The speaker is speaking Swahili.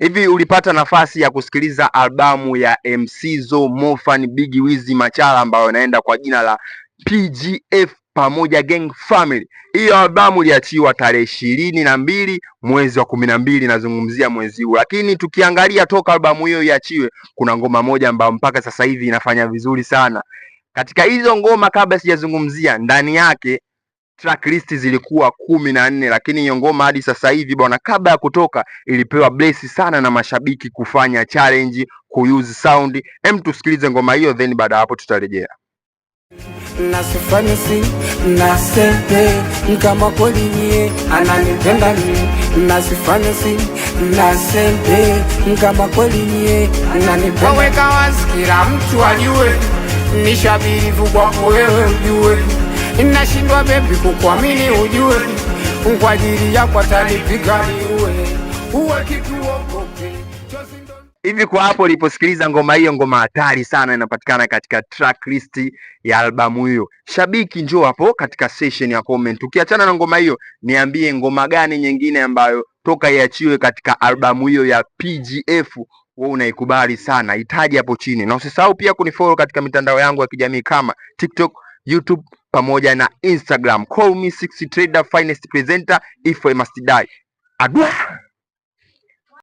Hivi ulipata nafasi ya kusikiliza albamu ya MC Zo, Mofan, Big Wizzy, Machala ambayo inaenda kwa jina la PGF pamoja Gang Family. Hiyo albamu iliachiwa tarehe ishirini na mbili mwezi wa kumi na mbili, nazungumzia mwezi huu. Lakini tukiangalia toka albamu hiyo iachiwe, kuna ngoma moja ambayo mpaka sasa hivi inafanya vizuri sana. Katika hizo ngoma, kabla sijazungumzia ndani yake tracklist zilikuwa kumi na nne, lakini hiyo ngoma hadi sasa hivi bwana, kabla ya kutoka ilipewa blesi sana na mashabiki kufanya challenge kuuse sound. Hem, tusikilize ngoma hiyo, then baada hapo tutarejea nasifanisi nasepe kama kweli nie ananipenda nie nasifanisi nasepe kama kweli nie ananipenda waweka wazi, kila mtu ajue nishabiri vugwa wewe ujue inashindwa bebi kukuamini, ujue kwa ajili yako atalipiga uwe uwe hivi kwa hapo uliposikiliza ngoma hiyo, ngoma hatari sana, inapatikana katika track list ya albamu hiyo. Shabiki, njoo hapo katika session ya comment. Ukiachana na ngoma hiyo, niambie ngoma gani nyingine ambayo toka iachiwe katika albamu hiyo ya PGF wewe unaikubali sana, itaji hapo chini, na usisahau pia kunifollow katika mitandao yangu ya kijamii kama TikTok YouTube pamoja na Instagram. Call me 60 trader finest presenter if I must die. Adwa.